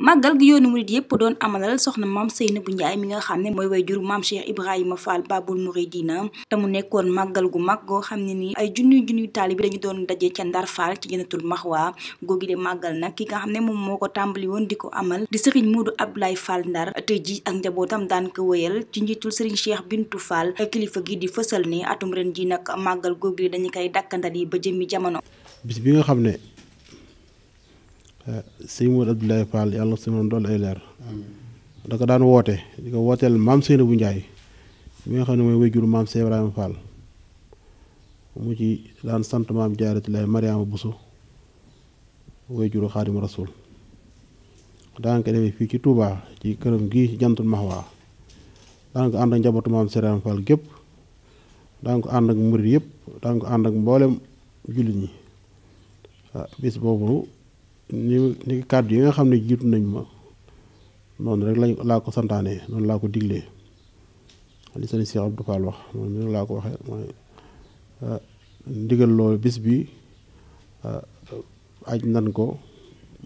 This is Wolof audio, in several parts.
màggal gi yoonu murit yëpp doon amalal soxna maam Seynabou Ndiaye mi nga xam ne mooy waajur maam Cheikh Ibrahima Fall Baabul Muridina te mu nekkoon màggal gu mag goo xam ne nii ay junniy junniy taalibe dañu doon daje ca Ndar Fall ci Jannatul Maxwa màggal nag ki nga xam ne moom moo ko tàmbali woon di ko amal di sëriñ ab lay Fall Ndar tey ji ak njabootam daan ko wéyal ci njiitul sëriñ Cheikh Bintu Fall kilifa gi di fësal ne atum ren ji nag màggal googi dañu koy dakkandal yi ba jëmmi jamono bis bi nga xam ne Eh, sëñ Modou Abdoulaye Fall yàlla su ma doon ay leer da ko daan woote di ko wooteel maam Seynabou Ndiaye mi nga xam ne mooy wéjur maam Cheikh Ibrahima mu ci daan sant maam Jaaratullaay Mariama Bousso wéjuru Xaadimu Rasuul daan ko defee fii ci Touba ci këram gi jantul Mahwa daan ko ànd ak njabootu maam Cheikh Ibrahima Fall gépp daan ko ànd ak murit yëpp daan ko ànd ak mboolem jullit ñi ah, bis boobu ni ni kàddu yi nga xam ne jiitu nañ ma noonu rek lañ laa ko santaane noonu laa ko diglee li sëñ Cheikh Abdou laa ko waxee mooy ah, ndigal bis bi ah, aj nan ko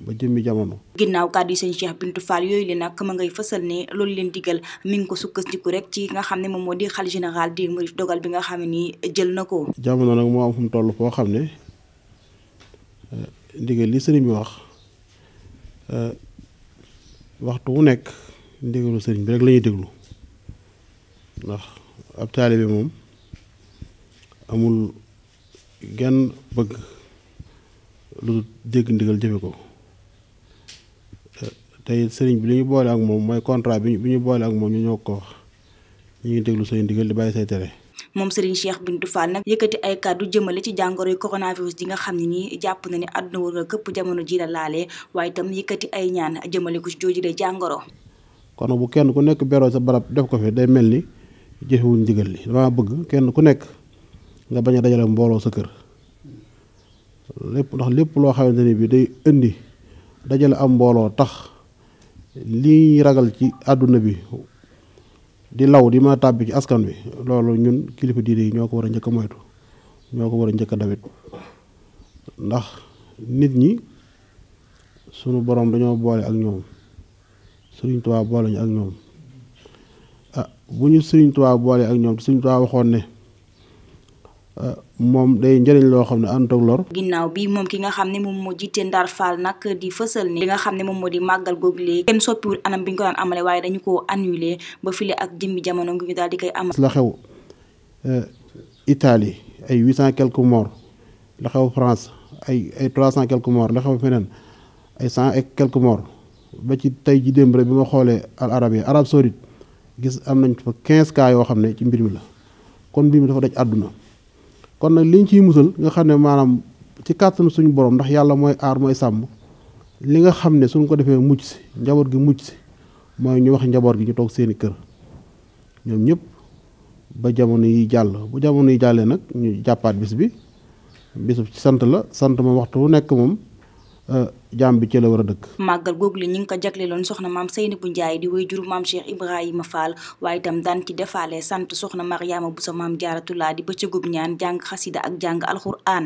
ba jëmmi jamono. ginnaaw kàddu yi sëñ Cheikh Bintou Fall yooyu li nag ma ngay fësal ne loolu leen digal mi ngi ko sukkandiku rek ci nga xam ne moom moo di xal général di murit dogal bi nga xam ne nii jël na ko. jamono nag moo am fu mu toll foo xam ne. ndigal li sëriñ bi wax euh, waxtu wu nekk ndigalu sëriñ bi rek lañuy déglu ndax ab bi moom amul genn bëgg lu dégg ndigal jëfe ko euh, tey sëriñ bi li ñu boole ak moom mooy contrat bi ñu boole ak moom ñu ñoo ko wax ñu ngi déglu say ndigal di bàyyi say tere moom Serigne Cheikh Bintou Fall nag yëkkati ay kàddu jëmale ci jàngoroy coronavirus ji nga xam ne nii jàpp na ni àdduna wër këpp jamono ji la laalee waaye itam yëkkati ay ñaan jëmale ko ci jooju de jàngoro. kon bu kenn ku nekk beroo sa barab def ko fi day mel ni jëfewuñ ndigal li dama bëgg kenn ku nekk nga bañ a dajale mbooloo sa kër lépp ndax lépp loo xamante ni bi day indi dajale am mbooloo tax lii ragal ci àdduna bi di law di ma tàbbi ci askan wi loolu ñun kilifa diine yi ñoo ko war a njëkk moytu ñoo ko war a njëkk a dawit ndax nit ñi sunu borom dañoo boole ak ñoom Sëriñ Tuubaa boole ñu ak ñoom ah bu ñu Sëriñ Tuubaa boole ak ñoom Sëriñ Tuubaa waxoon ne Euh, moom day njëriñ loo xam ne ànd ak ginnaaw bii moom ki nga xam ne moom moo jiite Ndar Fall nag di fësal ni li nga xam ne moom moo di màggal googu léegi kenn soppiwul anam bi ñu ko daan amale waaye dañu ko annulé ba file ak jëmmi jamono ngi ñu daal di koy amal. la xew euh, Italie ay huit cent quelques la xew France ay ay trois cent quelques morts la xew ay cent et quelques ba ci tey ji démb bi ma xoolee al arab yi Arabie Saoudite gis am nañ fa quinze kaa yoo xam ne ci mbir mi la kon mbir mi dafa daj àdduna. kon nag liñ ciy musal nga xam ne maanaam ci kàttanu suñu borom ndax yàlla mooy aar mooy sàmm li nga xam ne suñ ko defee mujj si njaboot gi mujj si mooy ñu wax njaboot gi ñu toog seeni kër ñoom ñëpp ba jamono yi jàll bu jamono yi jàllee nag ñu jàppaat bis bi bisu ci sant la sant moom waxtu wu nekk moom Euh, jaam bi ci la war a dëkk. màggal googu li ñu ngi ko jagleeloon soxna maam Seynabou Ndiaye di way juru maam Cheikh Ibrahima faal waaye itam daan ci defaale sant soxna Mariama bu sa maam Jaaratullaa di bëccëgub ñaan jàng xasida ak jàng alxuraan.